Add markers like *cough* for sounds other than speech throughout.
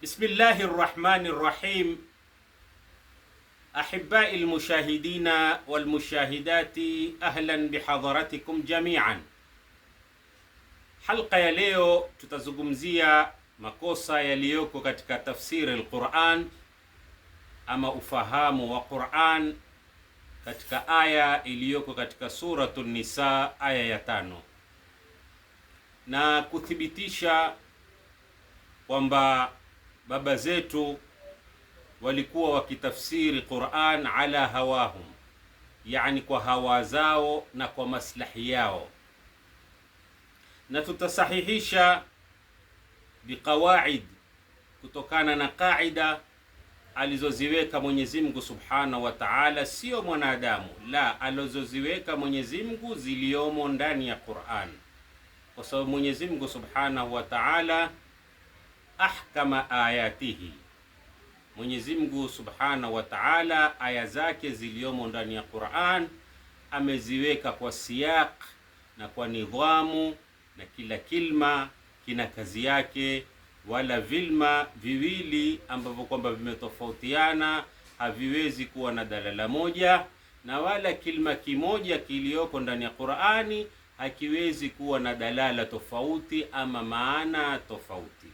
Bismillahi rrahmani rrahim. Ahibai lmushahidina walmushahidati, ahlan bihadharatikum jamian. Halqa ya leo tutazungumzia makosa yaliyoko katika tafsiri al ama ufahamu wa Quran katika aya iliyoko katika suratu Nisa aya ya tano na kuthibitisha kwamba baba zetu walikuwa wakitafsiri Qur'an ala hawahum, yani kwa hawa zao na kwa maslahi yao, na tutasahihisha biqawaid, kutokana na qaida alizoziweka Mwenyezi Mungu Subhanahu wa Ta'ala, sio mwanadamu la, alizoziweka Mwenyezi Mungu ziliomo ndani ya Qur'an, kwa sababu Mwenyezi Mungu Subhanahu wa Ta'ala ahkama ayatihi, Mwenyezi Mungu subhanahu wa taala aya zake ziliyomo ndani ya Quran ameziweka kwa siyak na kwa nidhamu, na kila kilma kina kazi yake, wala vilma viwili ambavyo kwamba vimetofautiana haviwezi kuwa na dalala moja, na wala kilma kimoja kiliyoko ndani ya Qur'ani hakiwezi kuwa na dalala tofauti ama maana tofauti.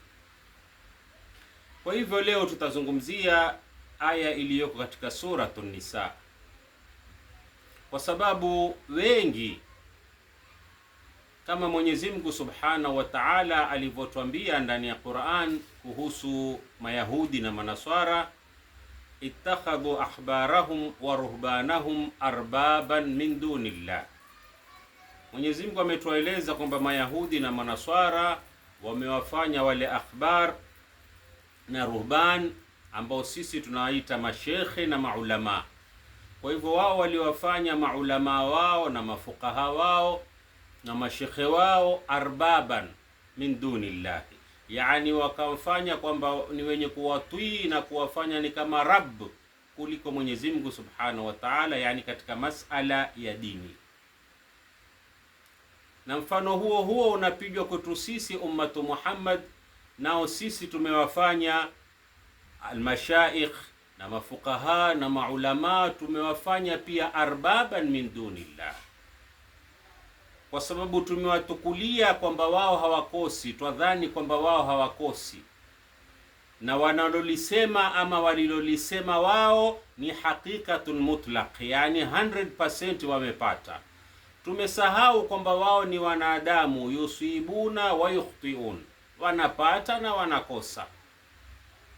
Kwa hivyo leo tutazungumzia aya iliyoko katika suratu Nisa, kwa sababu wengi kama Mwenyezi Mungu Subhanahu wa Ta'ala alivyotwambia ndani ya Qur'an kuhusu Mayahudi na Manaswara, ittakhadhu ahbarahum wa ruhbanahum arbaban min dunillah. Mwenyezi Mungu ametueleza kwamba Mayahudi na Manaswara wamewafanya wale akhbar na ruhban ambao sisi tunawaita mashekhe na maulamaa. Kwa hivyo wao waliwafanya maulamaa wao na mafukaha wao na mashekhe wao arbaban min dunillahi, yani wakawafanya kwamba ni wenye kuwatwii na kuwafanya ni kama rab kuliko Mwenyezi Mungu subhanahu wa taala, yani katika masala ya dini. Na mfano huo huo unapigwa kwetu sisi ummatu Muhammad nao sisi tumewafanya almashaikh na mafukaha na maulamaa tumewafanya pia arbaban min dunillah, kwa sababu tumewatukulia kwamba wao hawakosi, twadhani kwamba wao hawakosi, na wanalolisema ama walilolisema wao ni haqiqatul mutlaq, yani 100% wamepata. Tumesahau kwamba wao ni wanadamu, yusibuna wa yukhtiun wanapata na wanakosa,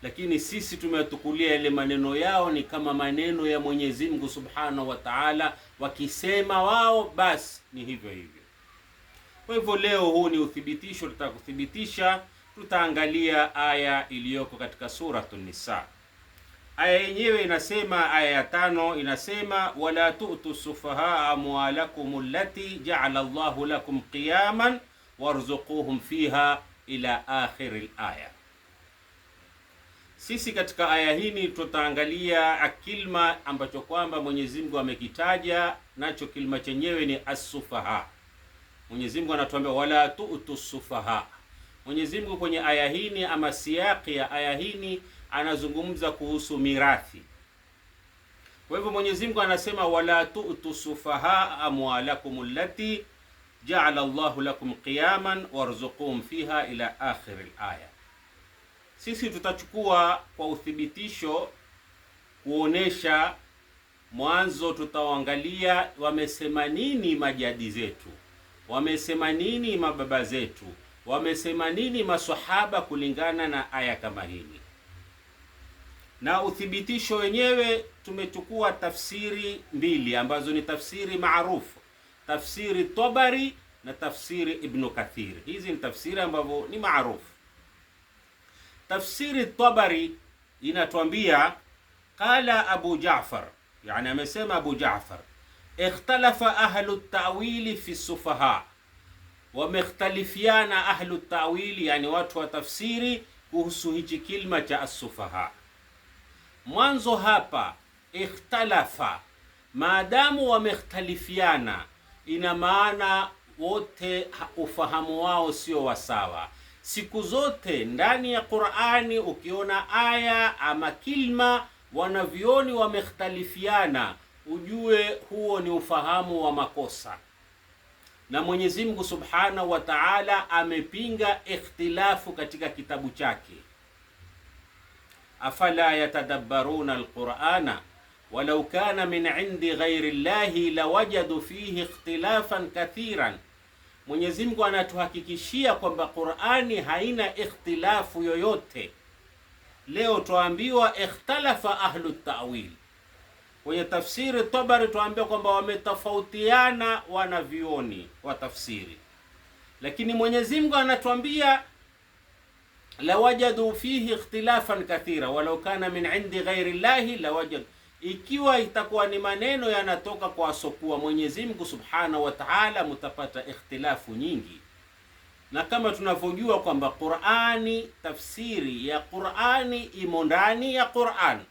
lakini sisi tumetukulia yale maneno yao ni kama maneno ya Mwenyezi Mungu Subhanahu wa Ta'ala, wakisema wao basi ni hivyo hivyo. Kwa hivyo leo huu ni uthibitisho, tutakuthibitisha tutaangalia aya iliyoko katika Suratun Nisa. Aya yenyewe inasema, aya ya tano inasema, wala tu'tu sufaha amwalakum allati ja'ala Allahu lakum qiyaman warzuquhum fiha ila akhiri alaya. Sisi katika aya hii tutaangalia kilma ambacho kwamba Mwenyezi Mungu amekitaja nacho, kilma chenyewe ni asufaha. Mwenyezi Mungu anatuambia wala tu'tu sufaha. Mwenyezi Mungu kwenye aya hii ama siyaki ya aya hii anazungumza kuhusu mirathi. Kwa hivyo Mwenyezi Mungu anasema wala tu'tu sufaha amwalakum allati jaala Allahu lakum qiyaman warzuqum fiha ila akhir al-aya. Sisi tutachukua kwa uthibitisho kuonesha mwanzo, tutaangalia wamesema nini majadi zetu, wamesema nini mababa zetu, wamesema nini maswahaba kulingana na aya kama hili. Na uthibitisho wenyewe tumechukua tafsiri mbili ambazo ni tafsiri maarufu, tafsiri Tabari na tafsiri Ibnu Kathir. Hizi ni tafsiri ambavyo ni maarufu. Tafsiri Tabari inatuambia qala Abu Jaafar, yani amesema Abu Jaafar, ikhtalafa ahlu tawili fi sufaha, wamekhtalifiana ahlu tawili, yani watu wa tafsiri kuhusu hichi kilma cha asufaha. Mwanzo hapa ikhtalafa, maadamu wamekhtalifiana, ina maana wote ufahamu wao sio wasawa. Siku zote ndani ya Qur'ani ukiona aya ama kilma wanavyoni wamekhtalifiana, ujue huo ni ufahamu wa makosa, na Mwenyezi Mungu Subhanahu wa Ta'ala amepinga ikhtilafu katika kitabu chake, afala yatadabbaruna alqur'ana walau kana min indi ghairi llahi lawajadu fihi ikhtilafan kathiran Mwenyezi Mungu anatuhakikishia kwamba Qur'ani haina ikhtilafu yoyote. Leo twaambiwa ikhtalafa ahlu ta'wil. Kwenye tafsiri Tabari twaambiwa kwamba wametofautiana wanavioni wa tafsiri, lakini Mwenyezi Mungu anatuambia lawajadu fihi ikhtilafan kathira walau kana min indi ghairi llahi lawajadu ikiwa itakuwa ni maneno yanatoka kwa asokuwa Mwenyezi Mungu Subhanahu wa Ta'ala, mutapata ikhtilafu nyingi, na kama tunavyojua kwamba Qur'ani, tafsiri ya Qur'ani imo ndani ya Qur'ani.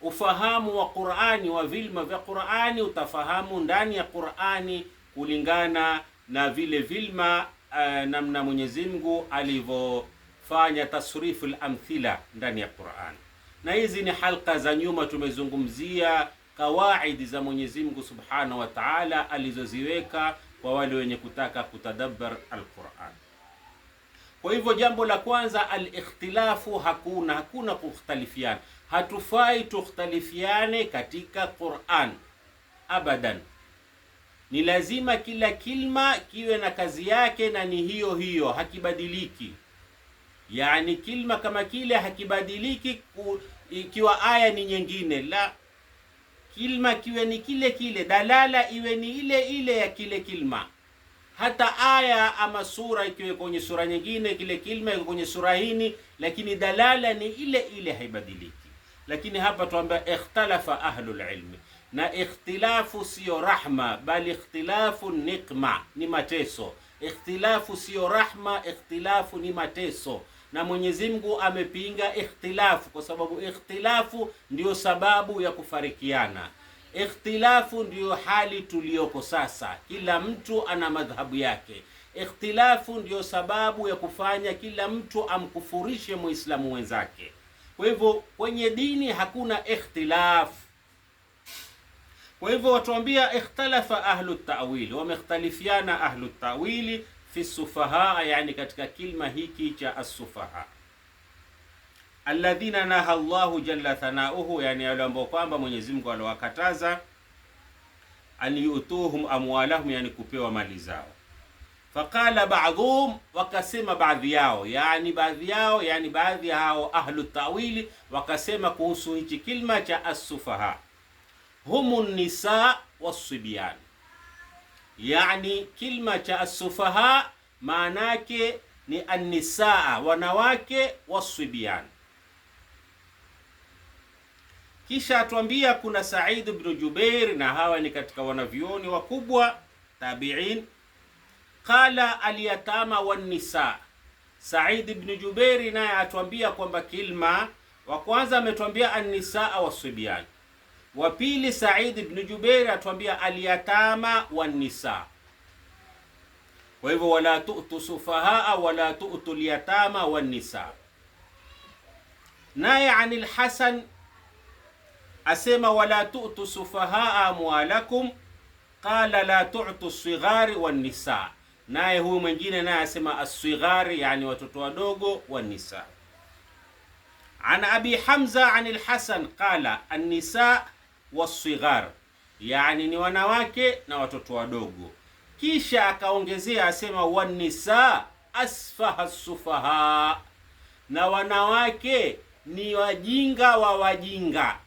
Ufahamu wa Qur'ani wa vilma vya Qur'ani utafahamu ndani ya Qur'ani kulingana na vile vilma uh, namna Mwenyezi Mungu alivyofanya tasrifu al-amthila ndani ya Qur'ani na hizi ni halqa za nyuma, tumezungumzia kawaidi za Mwenyezi Mungu Subhanahu wa Ta'ala alizoziweka kwa wale wenye kutaka kutadabbar al-Qur'an. Kwa hivyo jambo la kwanza al-ikhtilafu, hakuna hakuna kukhtalifiana, hatufai tukhtalifiane katika Qur'an abadan. Ni lazima kila kilma kiwe na kazi yake na ni hiyo hiyo, hakibadiliki. Yani kilma kama kile hakibadiliki ku, ikiwa aya ni nyingine, la kilma kiwe ni kile kile, dalala iwe ni ile ile ya kile kilma. Hata aya ama sura ikiwe kwenye sura nyingine, kile kilma iko kwenye sura hini, lakini dalala ni ile ile, haibadiliki. Lakini hapa tuambia ikhtalafa ahlul ilmi, na ikhtilafu siyo rahma, bali ikhtilafu nikma, ni mateso. Ikhtilafu siyo rahma, ikhtilafu ni mateso na Mwenyezi Mungu amepinga ikhtilafu, kwa sababu ikhtilafu ndiyo sababu ya kufarikiana. Ikhtilafu ndiyo hali tuliyoko sasa, kila mtu ana madhhabu yake. Ikhtilafu ndiyo sababu ya kufanya kila mtu amkufurishe muislamu wenzake. Kwa hivyo kwenye dini hakuna ikhtilafu. Kwa hivyo watuambia ikhtalafa ahlu tawili, wamekhtalifiana ahlu tawili fi sufaha, yani katika kilma hiki cha asufaha alladhina naha llahu jalla thanauhu, yani wale ambao kwamba Mwenyezi Mungu aliwakataza an yutuhum amwalahum, yani kupewa mali zao. Faqala ba'dhum, wakasema baadhi yao, yani baadhi yao, yani baadhi ya hao ahlu tawili wakasema kuhusu hichi kilma cha asufaha humu nisa wasibyan yani kilma cha asufaha maana yake ni annisaa, wanawake waswibian. Kisha atuambia kuna Said ibn Jubair, na hawa ni katika wanavyuoni wakubwa tabiin. Qala alyatama wannisa. Said ibn Jubair naye atuambia kwamba kilma wa kwanza ametuambia annisaa waswibian wa pili Said ibn Jubair atuambia alyatama wanisa. Kwa hivyo wala tu'tu sufahaa wala tu'tu alyatama wanisa. Naye anil Hasan asema wala tu'tu sufahaa amwalakum qala la tu'tu sighari wanisa. Naye huyu mwingine naye asema as-sighari, yani watoto wadogo wa nisa. An Abi Hamza anil Hasan qala an-nisa wasighar, yani ni wanawake na watoto wadogo. Kisha akaongezea asema, wanisa asfaha sufaha, na wanawake ni wajinga wa wajinga,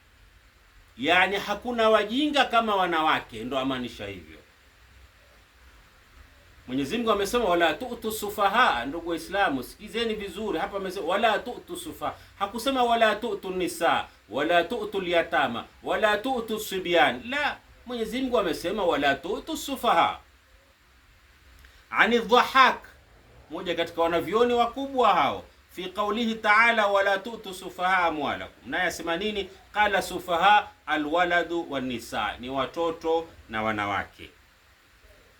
yani hakuna wajinga kama wanawake, ndo amaanisha hivyo. Mwenyezi Mungu amesema wala tu'tu sufaha. Ndugu Waislamu, sikizeni vizuri hapa, amesema wala tu'tu sufaha, hakusema wala tu'tu nisa wala tu'tu yatama wala tu'tu sibyan. La, Mwenyezi Mungu amesema wala tu'tu sufaha ani dhahak, moja katika wanavioni wakubwa hao fi qawlihi ta'ala wala tu'tu sufaha amwalakum, naye asema nini? Qala sufaha alwaladu wan nisa, ni watoto na wanawake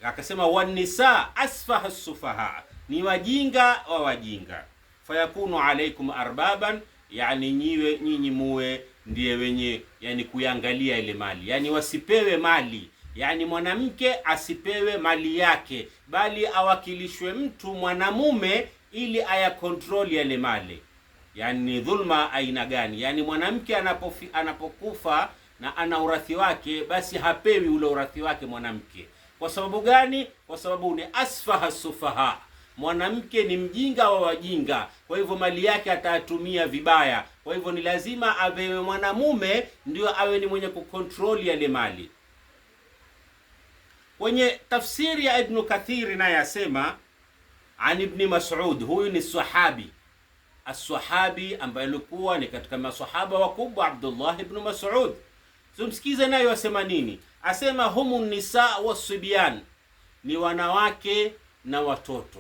akasema wanisa asfaha sufaha, ni wajinga wa wajinga. Fayakunu alaikum arbaban, yani nyiwe nyinyi muwe ndiye wenye yani kuyangalia ile mali, yani wasipewe mali, yani mwanamke asipewe mali yake, bali awakilishwe mtu mwanamume ili ayakontroli yale mali. Yani ni dhulma aina gani? Yani mwanamke anapofi, anapokufa na ana urathi wake, basi hapewi ule urathi wake mwanamke kwa sababu gani? Kwa sababu ni asfaha sufaha, mwanamke ni mjinga wa wajinga, kwa hivyo mali yake atayatumia vibaya. Kwa hivyo ni lazima avewe mwanamume ndio awe ni mwenye kukontroli yale mali. Kwenye tafsiri ya Ibnu Kathiri naye asema an Ibni Mas'ud, huyu ni sahabi aswahabi ambaye alikuwa ni katika masahaba wakubwa Abdullah ibn Mas'ud. Tumsikize naye wasema nini asema humu nisa wasibyan, ni wanawake na watoto,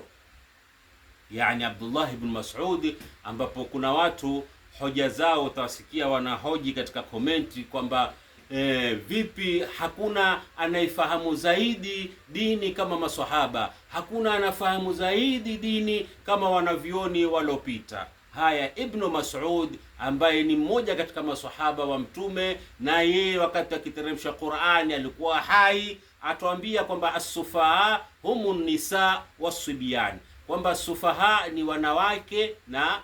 yani Abdullah ibn Mas'ud, ambapo kuna watu hoja zao utawasikia wanahoji katika komenti kwamba E, vipi hakuna anayefahamu zaidi dini kama maswahaba? Hakuna anafahamu zaidi dini kama wanavyoni waliopita? Haya, Ibnu Mas'ud ambaye ni mmoja katika masahaba wa Mtume, na yeye wakati akiteremsha Qur'ani alikuwa hai, atuambia kwamba assufaha humu nisa wasibian, kwamba sufaha ni wanawake na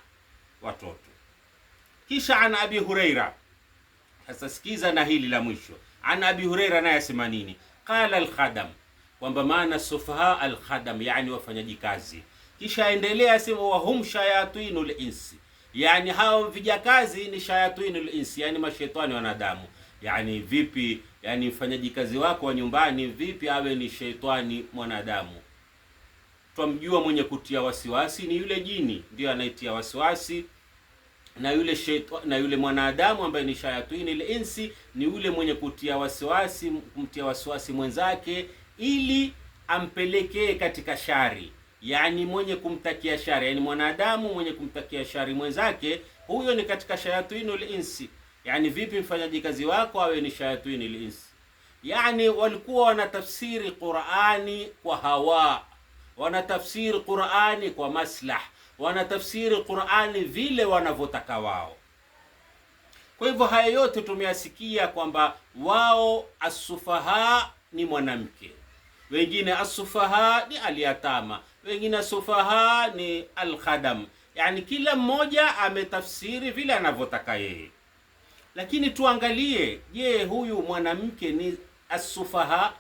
watoto. Kisha an Abi Huraira, sasa sikiza na hili la mwisho. An Abi Huraira naye asema nini? Qala alkhadam, kwamba maana sufaha alkhadam, yani wafanyaji kazi kisha aendelea asema, wahum shayatinul insi, yani hao vijakazi ni shayatinul insi, yani mashetani wanadamu. Yani vipi? Yani mfanyaji kazi wako wa nyumbani vipi awe ni shetani mwanadamu? Twamjua mwenye kutia wasiwasi ni yule jini, ndio anaitia wasiwasi na yule shetani, na yule mwanadamu ambaye ni shayatwini ile insi ni yule mwenye kutia wasiwasi, kumtia wasiwasi mwenzake ili ampelekee katika shari yani mwenye kumtakia shari, yani mwanadamu mwenye kumtakia shari mwenzake, huyo ni katika shayatuinul insi. Yani vipi mfanyaji kazi wako awe ni shayatuinul insi? Yani walikuwa wanatafsiri Qur'ani kwa hawa, wanatafsiri Qur'ani kwa maslah, wanatafsiri Qur'ani vile wanavyotaka wao. Kwa hivyo haya yote tumeyasikia kwamba wao asufaha ni mwanamke, wengine asufaha ni aliyatama wengine sufaha ni alkhadam, yani kila mmoja ametafsiri vile anavyotaka yeye. Lakini tuangalie, je, huyu mwanamke ni asufaha?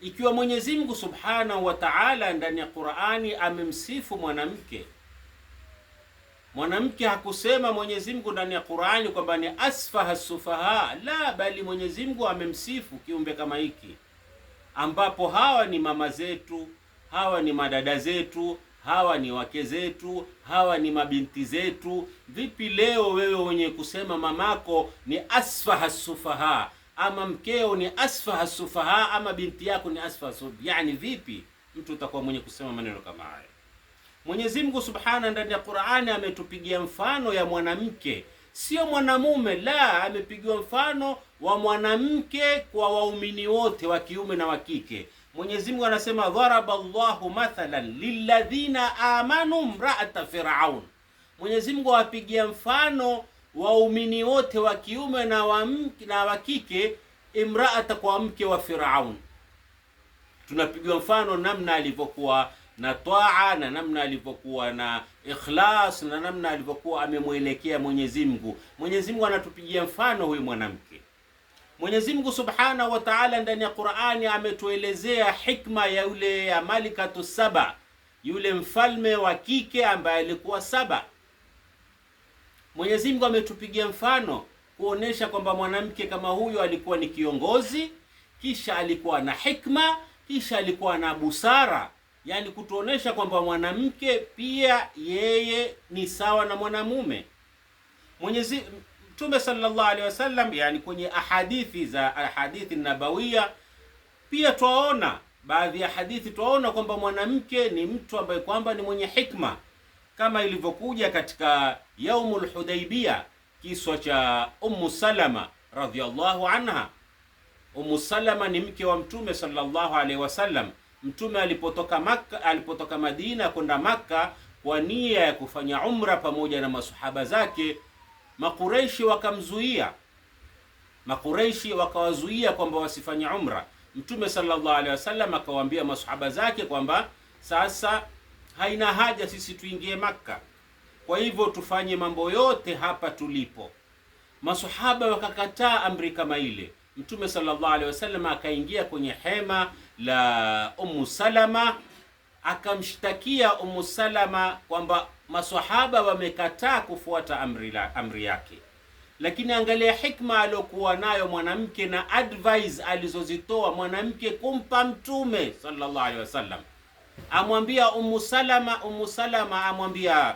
Ikiwa Mwenyezi Mungu Subhanahu wa Ta'ala ndani ya Qur'ani amemsifu mwanamke, mwanamke hakusema Mwenyezi Mungu ndani ya Qur'ani kwamba ni asfaha sufaha, la, bali Mwenyezi Mungu amemsifu kiumbe kama hiki ambapo hawa ni mama zetu, hawa ni madada zetu, hawa ni wake zetu, hawa ni mabinti zetu. Vipi leo wewe wenye kusema mamako ni asfaha sufaha ama mkeo ni asfaha sufaha ama binti yako ni asfaha sufaha? Yani vipi mtu utakuwa mwenye kusema maneno kama haya? Mwenyezi Mungu Subhana ndani ya Qur'ani ametupigia mfano ya mwanamke sio mwanamume, la, amepigiwa mfano wa mwanamke kwa waumini wote wa kiume na wa kike. Mwenyezi Mungu anasema dharaba Allahu mathalan lilladhina amanu mraata firaun, Mwenyezi Mungu awapigia mfano waumini wote wa kiume na wa na wa kike, imraata kwa mke wa Firaun. Tunapigiwa mfano namna alivyokuwa na taa na namna alivyokuwa na ikhlas na namna alivyokuwa amemwelekea Mwenyezi Mungu. Mwenyezi Mungu anatupigia mfano huyu mwanamke. Mwenyezi Mungu Subhanahu wa Ta'ala ndani ya Qur'ani ametuelezea hikma ya yule ya Malikatu Saba, yule mfalme wa kike ambaye alikuwa saba. Mwenyezi Mungu ametupigia mfano kuonesha kwamba mwanamke kama huyo alikuwa ni kiongozi, kisha alikuwa na hikma, kisha alikuwa na busara yaani kutuonesha kwamba mwanamke pia yeye ni sawa na mwanamume. Mwenyezi Mtume sallallahu alaihi wasallam, yani kwenye ahadithi za ahadithi nabawiya pia twaona baadhi ya hadithi twaona kwamba mwanamke ni mtu ambaye kwamba ni mwenye hikma kama ilivyokuja katika Yaumul Hudaibia, kiswa cha Ummu Salama radhiallahu anha. Ummu Salama ni mke wa Mtume sallallahu alaihi wasallam Mtume alipotoka Makka, alipotoka Madina kwenda Makka kwa nia ya kufanya umra pamoja na masuhaba zake, Makureishi wakamzuia. Makureishi wakawazuia kwamba wasifanye umra. Mtume sallallahu alaihi wasallam akawaambia masuhaba zake kwamba sasa haina haja sisi tuingie Makka, kwa hivyo tufanye mambo yote hapa tulipo. Masuhaba wakakataa amri kama ile. Mtume sallallahu alaihi wasallam akaingia kwenye hema la Ummu Salama, akamshtakia Ummu Salama kwamba maswahaba wamekataa kufuata amri, la, amri yake. Lakini angalia hikma aliyokuwa nayo mwanamke na advice alizozitoa mwanamke kumpa Mtume sallallahu alaihi wasallam. Amwambia Ummu Salama, Ummu Salama amwambia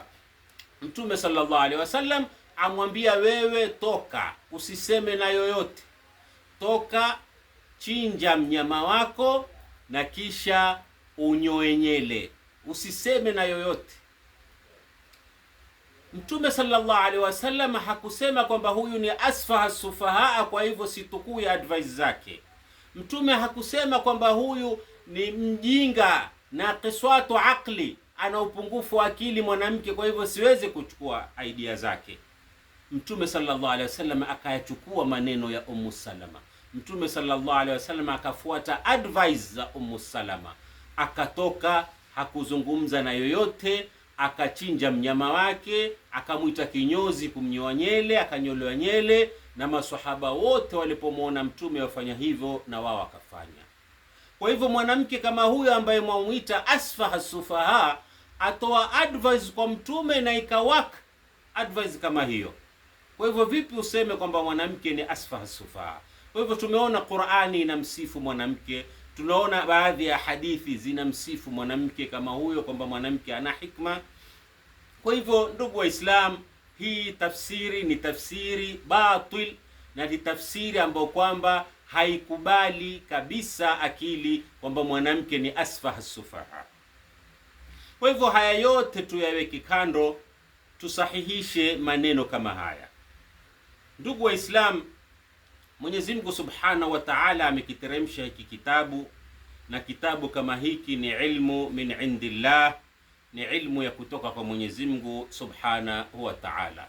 Mtume sallallahu alaihi wasallam, amwambia wewe, toka usiseme na yoyote, toka chinja mnyama wako na kisha unyoe nyele, usiseme na yoyote. Mtume sallallahu alaihi wasallam hakusema kwamba huyu ni asfaha sufahaa, kwa hivyo situkui advice zake. Mtume hakusema kwamba huyu ni mjinga na kiswatu akli, ana upungufu wa akili mwanamke, kwa hivyo siwezi kuchukua idea zake. Mtume sallallahu alaihi wasallam akayachukua maneno ya Ummu Salama. Mtume sallallahu alaihi wasallam akafuata advice za Ummu Salama, akatoka hakuzungumza na yoyote, akachinja mnyama wake, akamwita kinyozi kumnyoa nyele, akanyolewa nyele, na maswahaba wote walipomwona mtume wafanya hivyo, na wao wakafanya kwa hivyo. Mwanamke kama huyo ambaye mwamwita asfaha sufaha atoa advice kwa mtume na ikawak advice kama hiyo. Kwa hivyo vipi useme kwamba mwanamke ni asfaha sufaha? Kwa hivyo tumeona Qur'ani inamsifu mwanamke, tunaona baadhi ya hadithi zinamsifu mwanamke kama huyo kwamba mwanamke ana hikma. Kwa hivyo ndugu islam hii tafsiri ni tafsiri batil na ni tafsiri ambayo kwamba haikubali kabisa akili kwamba mwanamke ni asfah sufaha. Kwa hivyo haya yote tuyaweke kando, tusahihishe maneno kama haya, ndugu Waislamu. Mwenyezi Mungu Subhanahu wa Ta'ala amekiteremsha hiki kitabu, na kitabu kama hiki ni ilmu min indillah, ni ilmu ya kutoka kwa Mwenyezi Mungu Subhanahu wa Ta'ala.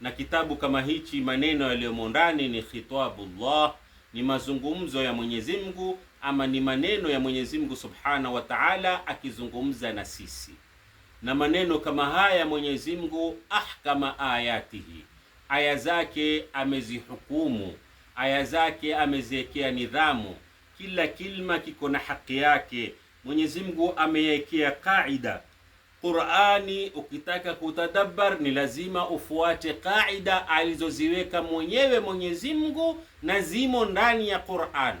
Na kitabu kama hichi, maneno yaliyomo ndani ni khitabullah, ni mazungumzo ya Mwenyezi Mungu ama ni maneno ya Mwenyezi Mungu Subhanahu wa Ta'ala akizungumza na sisi. Na maneno kama haya Mwenyezi Mungu ahkama ayatihi, aya zake amezihukumu aya zake ameziwekea nidhamu, kila kilma kiko na haki yake. Mwenyezi Mungu ameiwekea kaida Qur'ani, ukitaka kutadabbar ni lazima ufuate kaida alizoziweka mwenyewe Mwenyezi Mungu, na zimo ndani ya Qur'an.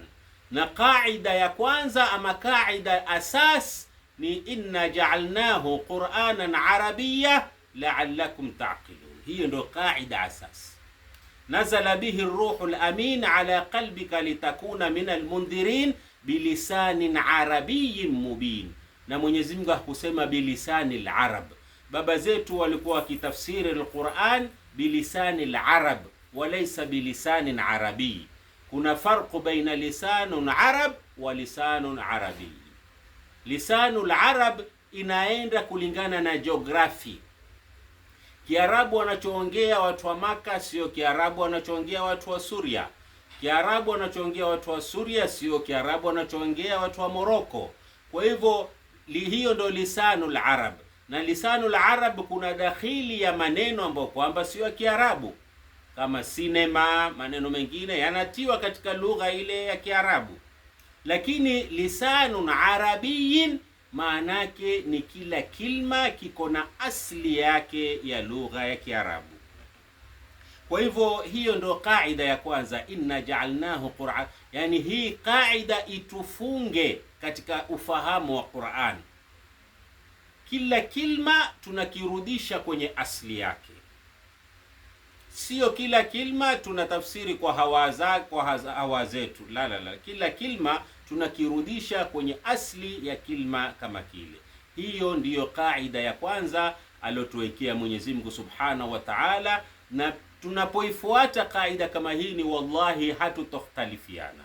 Na kaida ya kwanza ama kaida asas ni inna ja'alnahu qur'anan arabiyya la'allakum ta'qilun. Hiyo ndio kaida asas nazala bihi ruhu lamin ala qalbika litakuna min almundhirin bilisanin arabiyin mubin, na Mwenyezi Mungu hakusema bilisani larab. Baba zetu walikuwa wakitafsiri alquran bilisani larab walaysa bilisanin arabiy. Kuna farqu baina lisanun arab wa lisanun arabiy. Lisanu larab inaenda kulingana na geography Kiarabu wanachoongea watu wa Maka sio Kiarabu wanachoongea watu wa Suria. Kiarabu wanachoongea watu wa Suria sio Kiarabu wanachoongea watu wa Moroko. Kwa hivyo hiyo ndio la arab, na la arab kuna dakhili ya maneno ambayo kwamba sio ya Kiarabu kama sinema, maneno mengine yanatiwa katika lugha ile ya Kiarabu, lakini lisanun arabiyin yake ni kila kilma kiko na asli yake ya lugha ya Kiarabu. Kwa hivyo hiyo ndo kaida ya kwanza, inna jaalnahu Qur'an. Yani hii kaida itufunge katika ufahamu wa Qur'an, kila kilma tunakirudisha kwenye asli yake, sio kila kilma tunatafsiri kwa hawa zetu. La, la, la, kila kilma tunakirudisha kwenye asli ya kilma kama kile. Hiyo ndiyo kaida ya kwanza aliyotuwekea Mwenyezi Mungu Subhanahu wa Ta'ala, na tunapoifuata kaida kama hii ni wallahi hatutokhtalifiana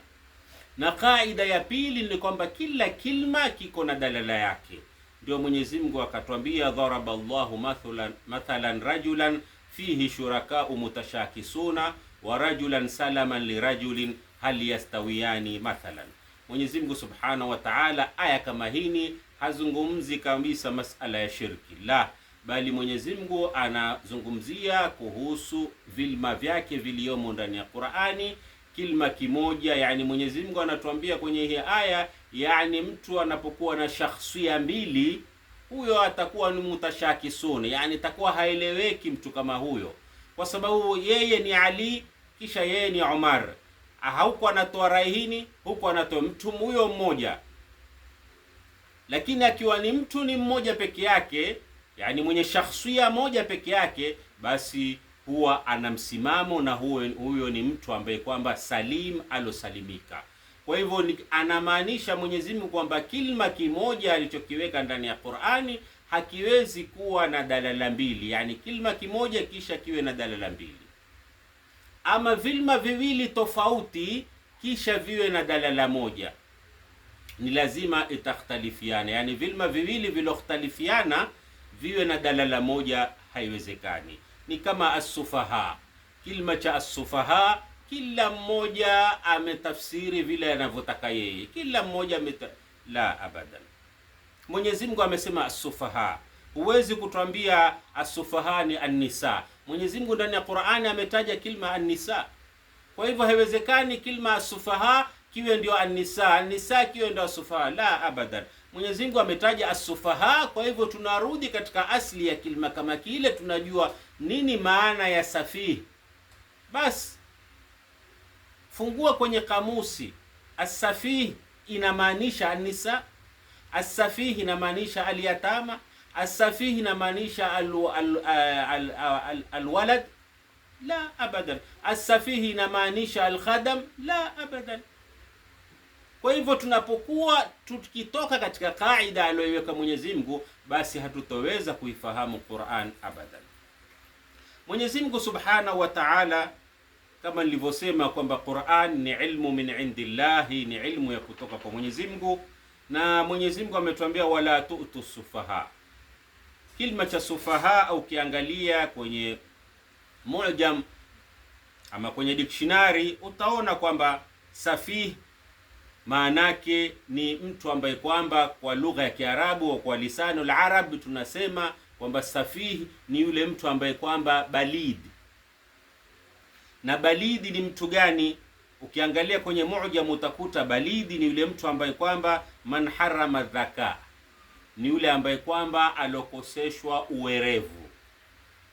Na kaida ya pili ni kwamba kila kilma kiko na dalala yake. Ndio Mwenyezi Mungu akatwambia, dharaba Allahu mathalan, mathalan rajulan fihi shurakau mutashakisuna wa rajulan salaman lirajulin hal yastawiyani mathalan Mwenyezi Mungu Subhanahu wa Ta'ala, aya kama hini hazungumzi kabisa masala ya shirki la, bali Mwenyezi Mungu anazungumzia kuhusu vilma vyake viliyomo ndani ya Qur'ani kilma kimoja. Yani Mwenyezi Mungu anatuambia kwenye hii aya, yani mtu anapokuwa na shakhsia mbili, huyo atakuwa ni mutashakisuni, yani atakuwa haeleweki mtu kama huyo, kwa sababu yeye ni Ali kisha yeye ni Umar huko anatoa Raihini, huko anatoa mtu huyo mmoja. Lakini akiwa ni mtu ni mmoja peke yake, yani mwenye shakhsia moja peke yake, basi huwa ana msimamo na huyo, huyo ni mtu ambaye kwamba salim alosalimika. Kwa hivyo anamaanisha Mwenyezi Mungu kwamba kilma kimoja alichokiweka ndani ya Qur'ani hakiwezi kuwa na dalala mbili, yani kilma kimoja kisha kiwe na dalala mbili ama vilma viwili tofauti kisha viwe na dalala moja, ni lazima itakhtalifiana, yani vilma viwili vilokhtalifiana viwe na dalala moja, haiwezekani. Ni kama asufaha, kilima cha asufaha, kila mmoja ametafsiri vile anavyotaka yeye, kila mmoja ameta... la abadan. Mwenyezi Mungu amesema asufaha, huwezi kutuambia asufaha ni annisa Mwenyezi Mungu ndani ya Qur'ani ametaja kilma an-nisa. Kwa hivyo haiwezekani kilma asufaha kiwe ndio an-nisa, an-nisa kiwe ndio asufaha, la abadan. Mwenyezi Mungu ametaja asufaha, kwa hivyo tunarudi katika asli ya kilma kama kile, tunajua nini maana ya safihi. Bas fungua kwenye kamusi, as inamaanisha an-nisa, as inamaanisha al-yatama Asafihi inamaanisha alwalad la abadan. Asafihi inamaanisha alkhadam la abadan. Kwa hivyo tunapokuwa tukitoka katika kaida aliyoiweka Mwenyezi Mungu, basi hatutoweza kuifahamu Qur'an abadan. Mwenyezi Mungu Subhanahu wa Ta'ala, kama nilivyosema kwamba Qur'an ni ilmu min indillahi, ni ilmu ya kutoka kwa Mwenyezi Mungu, na Mwenyezi Mungu ametuambia wala tu'tu sufaha kilma cha sufaha ukiangalia kwenye muljam ama kwenye dictionary utaona kwamba safih maanake ni mtu ambaye kwamba kwa lugha ya Kiarabu au kwa lisano la Arab tunasema kwamba safih ni yule mtu ambaye kwamba balidi. Na balidi ni mtu gani? Ukiangalia kwenye mujamu utakuta balidi ni yule mtu ambaye kwamba man harama dhaka ni yule ambaye kwamba alokoseshwa uwerevu,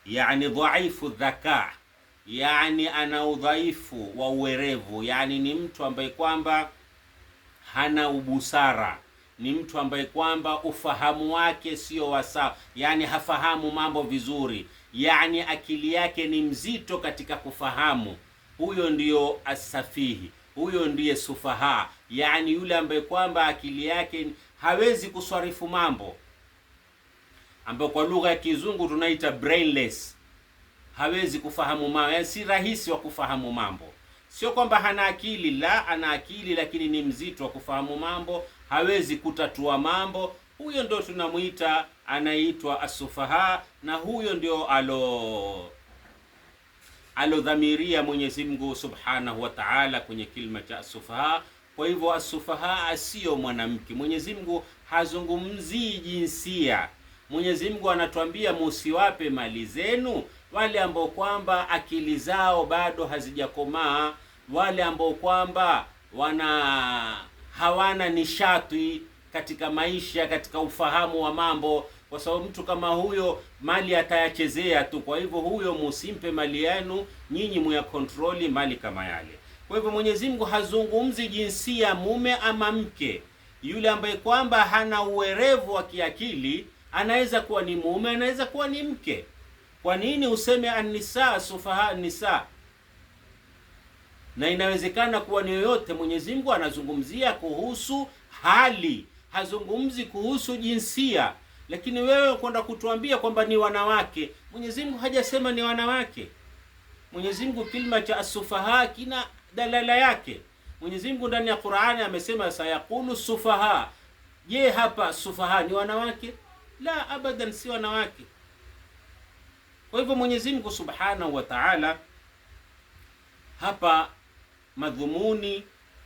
yani dhaifu dhaka, yani ana udhaifu wa uwerevu, yani ni mtu ambaye kwamba hana ubusara, ni mtu ambaye kwamba ufahamu wake sio wasawa, yani hafahamu mambo vizuri, yani akili yake ni mzito katika kufahamu. Huyo ndiyo asafihi, huyo ndiye sufaha, yani yule ambaye kwamba akili yake hawezi kuswarifu mambo, ambayo kwa lugha ya kizungu tunaita brainless. Hawezi kufahamu mambo, eh, si rahisi wa kufahamu mambo. Sio kwamba hana akili, la, ana akili, lakini ni mzito wa kufahamu mambo, hawezi kutatua mambo. Huyo ndio tunamwita anaitwa asufaha, na huyo ndio alo alodhamiria Mwenyezi Mungu Subhanahu wa Ta'ala kwenye kilima cha asufaha kwa hivyo asufahaa sio mwanamke. Mwenyezi Mungu hazungumzii jinsia. Mwenyezi Mungu anatuambia musiwape mali zenu wale ambao kwamba akili zao bado hazijakomaa, wale ambao kwamba wana hawana nishati katika maisha, katika ufahamu wa mambo, kwa sababu mtu kama huyo mali atayachezea tu. Kwa hivyo huyo musimpe mali yenu, nyinyi muya kontroli mali kama yale. Kwa hivyo Mwenyezi Mungu hazungumzi jinsia mume ama mke. Yule ambaye kwamba hana uwerevu wa kiakili anaweza kuwa ni mume, anaweza kuwa ni mke. Kwa nini useme anisa sufaha nisa? Na inawezekana kuwa ni yoyote. Mwenyezi Mungu anazungumzia kuhusu hali, hazungumzi kuhusu jinsia. Lakini wewe kwenda kutuambia kwamba ni wanawake, Mwenyezi Mungu hajasema ni wanawake. Mwenyezi Mungu kilima cha asufaha kina dalala yake. Mwenyezi Mungu ndani ya Qur'ani amesema sayaqulu sufaha. Je, hapa sufaha ni wanawake? La, abadan, si wanawake. Kwa hivyo Mwenyezi Mungu Subhanahu wa Ta'ala hapa madhumuni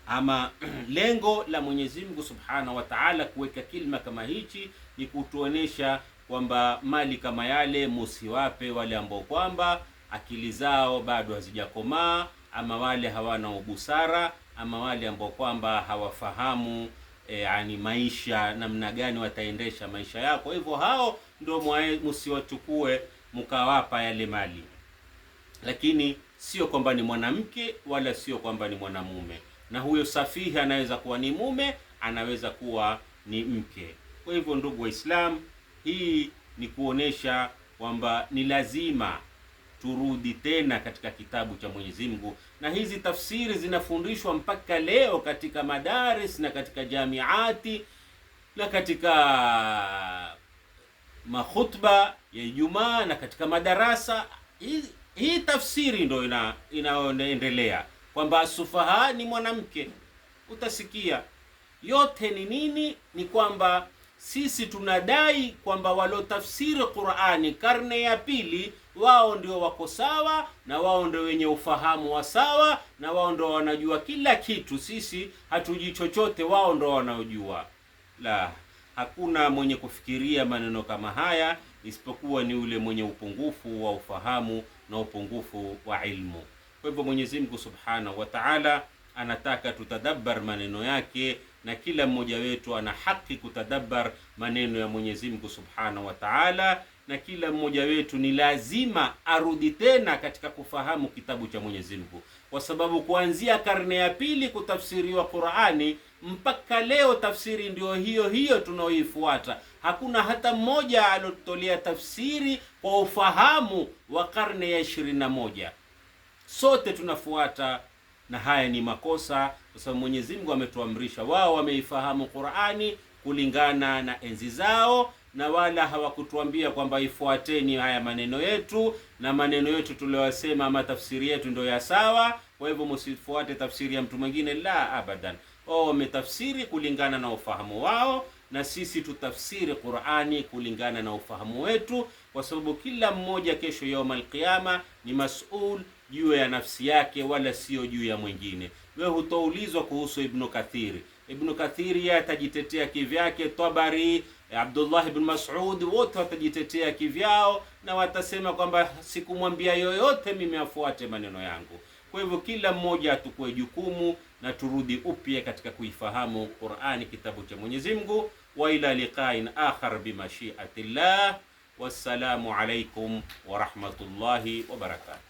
ama *clears throat* lengo la Mwenyezi Mungu Subhanahu wa Ta'ala kuweka kilima kama hichi ni kutuonesha kwamba mali kama yale musiwape wale ambao kwamba akili zao bado hazijakomaa ama wale hawana ubusara ama wale ambao kwamba hawafahamu e, ani maisha namna gani wataendesha maisha yao. Kwa hivyo hao ndio msiwachukue mkawapa yale mali, lakini sio kwamba ni mwanamke wala sio kwamba ni mwanamume. Na huyo safihi anaweza kuwa ni mume, anaweza kuwa ni mke. Kwa hivyo, ndugu Waislamu, hii ni kuonesha kwamba ni lazima turudi tena katika kitabu cha Mwenyezi Mungu na hizi tafsiri zinafundishwa mpaka leo katika madaris na katika jamiati na katika mahutba ya Ijumaa na katika madarasa. Hii, hii tafsiri ndio ina, kwamba sufaha ni mwanamke. Utasikia yote ni nini? Ni kwamba sisi tunadai kwamba walotafsiri Qur'ani karne ya pili wao ndio wako sawa na wao ndio wenye ufahamu wa sawa na wao ndio wanajua kila kitu, sisi hatujui chochote, wao ndio wanaojua. La, hakuna mwenye kufikiria maneno kama haya isipokuwa ni ule mwenye upungufu wa ufahamu na upungufu wa ilmu. Kwa hivyo Mwenyezi Mungu Subhanahu wa Ta'ala anataka tutadabbar maneno yake na kila mmoja wetu ana haki kutadabbar maneno ya Mwenyezi Mungu Subhanahu wa Ta'ala na kila mmoja wetu ni lazima arudi tena katika kufahamu kitabu cha Mwenyezi Mungu, kwa sababu kuanzia karne ya pili kutafsiriwa Qur'ani mpaka leo tafsiri ndio hiyo hiyo tunaoifuata. Hakuna hata mmoja aliotolea tafsiri kwa ufahamu wa karne ya ishirini na moja. Sote tunafuata, na haya ni makosa, kwa sababu Mwenyezi Mungu ametuamrisha. Wao wameifahamu Qur'ani kulingana na enzi zao na wala hawakutuambia kwamba ifuateni haya maneno yetu, na maneno yetu tuliyosema ama tafsiri yetu ndio ya sawa, kwa hivyo msifuate tafsiri ya mtu mwingine, la abadan. Wao wametafsiri kulingana na ufahamu wao, na sisi tutafsiri Qur'ani kulingana na ufahamu wetu, kwa sababu kila mmoja kesho yaumul qiyama ni mas'ul juu ya nafsi yake, wala sio juu ya mwingine. Wewe hutoulizwa kuhusu Ibnu Kathiri. Ibnu Kathiri yeye atajitetea kivyake, Tabari Abdullah ibn Mas'ud, wote watajitetea kivyao na watasema kwamba sikumwambia yoyote mimi afuate maneno yangu. Kwa hivyo kila mmoja atukue jukumu na turudi upya katika kuifahamu Qur'ani, kitabu cha Mwenyezi Mungu. Wa ila liqa'in akhar bi mashi'atillah. Wassalamu alaykum wa rahmatullahi wa barakatuh.